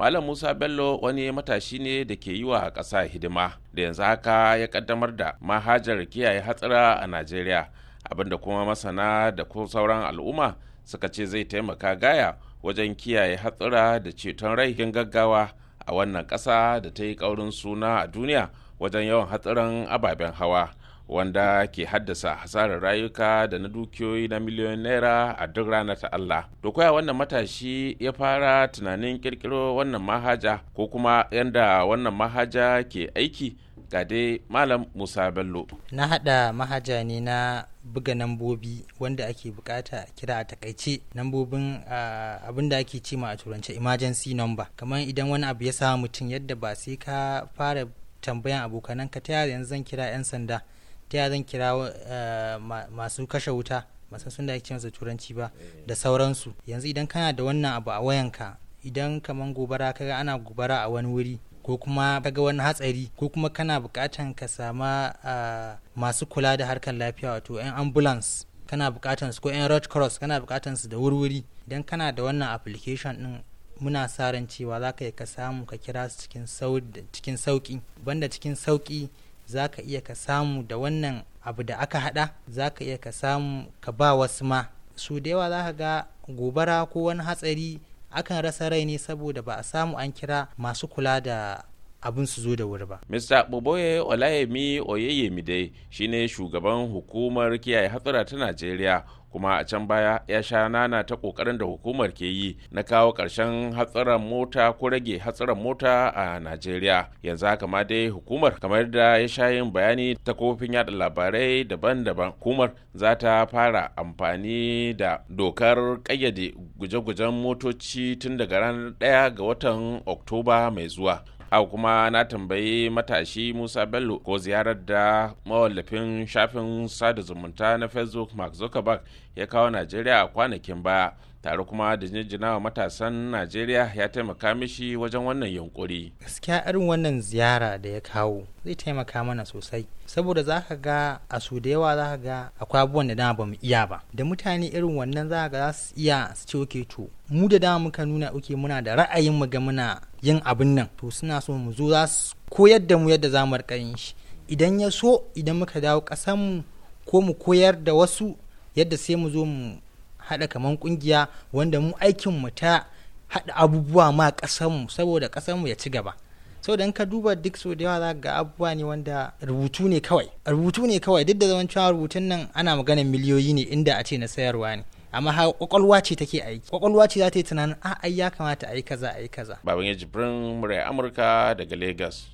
Malam Musa Bello wani matashi ne da ke yi wa ƙasa hidima da yanzu haka ya kaddamar da mahajar kiyaye hatsara a Najeriya abinda kuma masana da ko sauran al'umma suka ce zai taimaka gaya wajen kiyaye hatsara da ceton rai gaggawa a wannan ƙasa da ta yi ƙaurin suna a duniya wajen yawan hatsarin ababen hawa. wanda ke haddasa hasarar rayuka da na dukiyoyi na miliyoyin naira a duk ranar ta Allah. To koya wannan matashi ya fara tunanin kirkiro wannan mahaja ko kuma yanda wannan mahaja ke aiki ga dai Malam Musa Bello. Na haɗa mahaja ne na buga nambobi wanda ake bukata kira a takaice nambobin abin da ake cima a turance emergency number kamar idan wani abu ya samu mutum yadda ba sai ka fara tambayan abokananka ta yanzu zan kira 'yan sanda ta ya zan kira eh, masu kashe wuta masu sun da ake turanci ba da sauransu yanzu idan kana da wannan abu a wayanka idan kaman gobara kaga ana gobara a wani wuri ko kuma kaga wani hatsari ko kuma kana bukatan ka sama eh, masu kula da harkar lafiya wato 'yan ambulance kana bukatan su ko 'yan red cross kana bukatan su da wurwuri idan kana da wannan application din muna sa ran cewa za ka ka samu ka kira su cikin sauki banda cikin sauki za ka iya ka samu da wannan abu da aka hada za ka iya ka samu ka ba wasu ma su da yawa za ka ga gobara ko wani hatsari akan rasa rai ne saboda ba a samu an kira masu kula da abin su zo da wuri ba. Mr. Boboye Olayemi Oyeyemi dai shine shugaban hukumar kiyaye hatsura ta Najeriya kuma a can baya ya sha nana ta kokarin da hukumar ke yi na kawo ƙarshen hatsarin mota ko rage hatsarin mota a Najeriya. Yanzu haka ma dai hukumar kamar da ya sha yin bayani ta kofin yada labarai daban-daban hukumar za ta fara amfani da dokar kayyade guje-gujen motoci tun daga ranar 1 ga watan Oktoba mai zuwa. a kuma na tambayi matashi musa bello ko ziyarar da mawallafin shafin sada zumunta na facebook mark zuckerberg ya kawo najeriya a kwanakin baya tare kuma da jinjina wa matasan najeriya ya taimaka mishi wajen wannan yunkuri gaskiya irin wannan ziyara da ya kawo zai taimaka mana sosai saboda za ka ga a su da yawa za ka ga akwai abubuwan da dama ba mu iya ba da mutane irin wannan za ka ga za su iya su ce oke to mu da dama muka nuna oke muna da ra'ayin mu ga muna yin abin nan to suna so mu zo za su koyar da mu yadda za mu rika yin shi idan ya so idan muka dawo ƙasanmu ko mu koyar da wasu yadda sai mu zo mu haɗa kaman ƙungiya wanda mu aikin mu ta haɗa abubuwa ma mu saboda mu ya ci gaba sau da ka duba duk so da yawa za ga abubuwa ne wanda rubutu ne kawai rubutu ne kawai duk da zaman cewa rubutun nan ana maganar miliyoyi ne inda a ce na sayarwa ne amma har kwakwalwa ce take aiki kwakwalwa ce za ta yi tunanin a ah, ai ya kamata a yi kaza a yi kaza baban ya jibrin murai amurka daga lagos